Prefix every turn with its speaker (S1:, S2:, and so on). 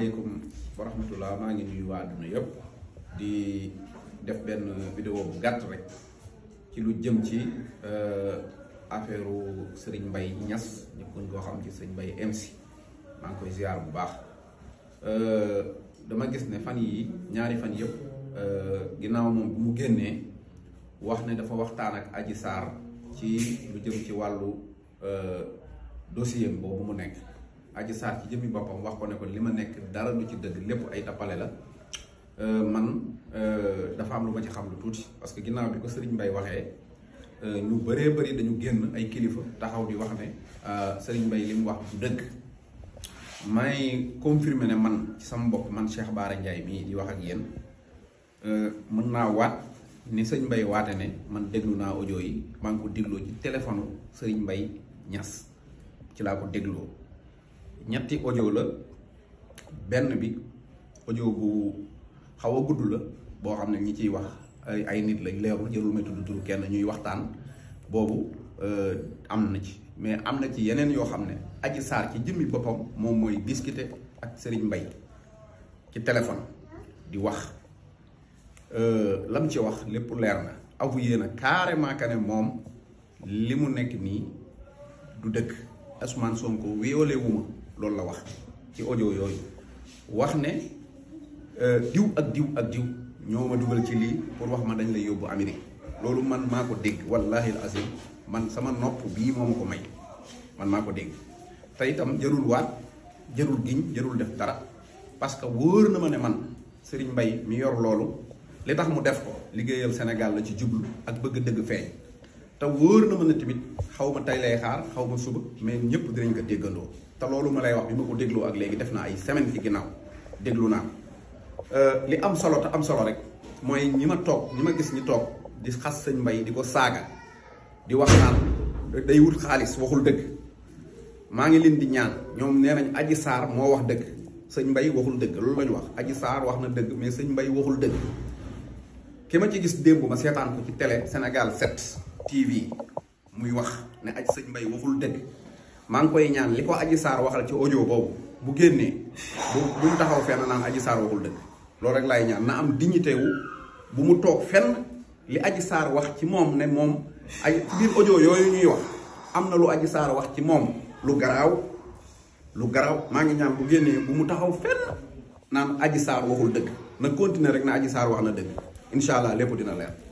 S1: asalaamaaleykum wa rahmatullah maa ngi nuyu di def ben video bu gàtt rek ci lu jëm ci euh, affaire Serigne Mbaye sering bayi ko xam ci Serigne MC maa ngi koy ziar bu baax euh, dama gis ne fan yi ñaari fan yëpp euh, ginnaaw moom bu mu génnee wax ne dafa waxtaan ak Adji Sarr ci lu jëm ci wàllu dossier boobu mu nekk. Adji saat ci jëmmi boppam wax ko ne ko li ma nekk dara lu ci dëgg lépp ay tappale la euh, man euh, dafa am lu ma ci xam lu tuuti parce que ginnaaw bi ko Serigne mbay waxee euh, ñu bëree bëri dañu génn ay kilifa taxaw di wax ne Serigne mbay li wax du dëgg may confirmer ne man ci sama bopp man Cheikh Bara Ndiaye mii di wax ak yéen mën naa waat ni sëñ Mbaye waate ne man déglu naa audio yi maa ngi ko dégloo ci téléphone Serigne mbay ñas ci laa ko dégloo. ñetti audio la benn bi audio bu xaw a gudd la boo xam ne ñi ciy wax ay ay nit lañ leerul jërul may tudd tur kenn ñuy waxtaan boobu euh, am na ci mais am na ci yeneen yoo xam ne aji saar ci jëmmi boppam moom mooy discuter ak Serigne Mbaye ci téléphone di wax euh, lam ci wax lépp leer na avoué na carrément que ne moom li mu nekk nii du dëkk Ousmane Sonko wéyolee loolu la wax ci audio yooyu wax ne euh, diw ak diw ak diw ñoo ma dugal ci lii pour wax ma dañ lay yóbbu Amérique loolu man maa ko dégg wallahi azim man sama nopp bii moo ko may man maa ko dégg tey tam jërul waat jërul giñ jërul def dara parce que wóor na ma ne man Serigne Mbaye mi yor loolu li tax mu def ko liggéeyal senegal la ci jublu ak bëgg dëgg feeñ te wóor na ma ne tamit xaw ma tey lay xaar xaw ma suba mais ñëpp dinañ ko déggandoo te loolu ma lay wax bi ma ko dégloo ak léegi def naa ay semaine ci ginnaaw déglu naa euh, li am solo te am solo rek mooy ñi ma toog ñi ma gis ñi toog di xas sëñ mbay di ko saaga di wax naan day wut xaalis waxul dëgg maa ngi leen di ñaan ñoom nee nañ aji saar moo wax dëgg sëñ mbay waxul dëgg loolu lañu wax aji saar wax na dëgg mais sëñ mbay waxul dëgg ki ma ci gis démb ma seetaan ko ci télé Sénégal TV muy wax ne aj Sëñ Mbay waxul dëgg maa ngi koy ñaan li ko Aji Sarr waxal ci audio boobu bu génnee bu buñ taxaw fenn naan Aji Sarr waxul loolu rek laay ñaan na am dignité wu bu mu toog fenn li Aji saar wax ci moom ne moom ay biir audio yooyu ñuy wax am na lu Aji saar wax ci moom lu garaaw lu garaaw maa ngi ñaan bu génnee bu mu taxaw fenn naan Aji Sarr waxul dëgg na continuer rek na Aji Sarr wax na dëgg incha allah lépp dina leer.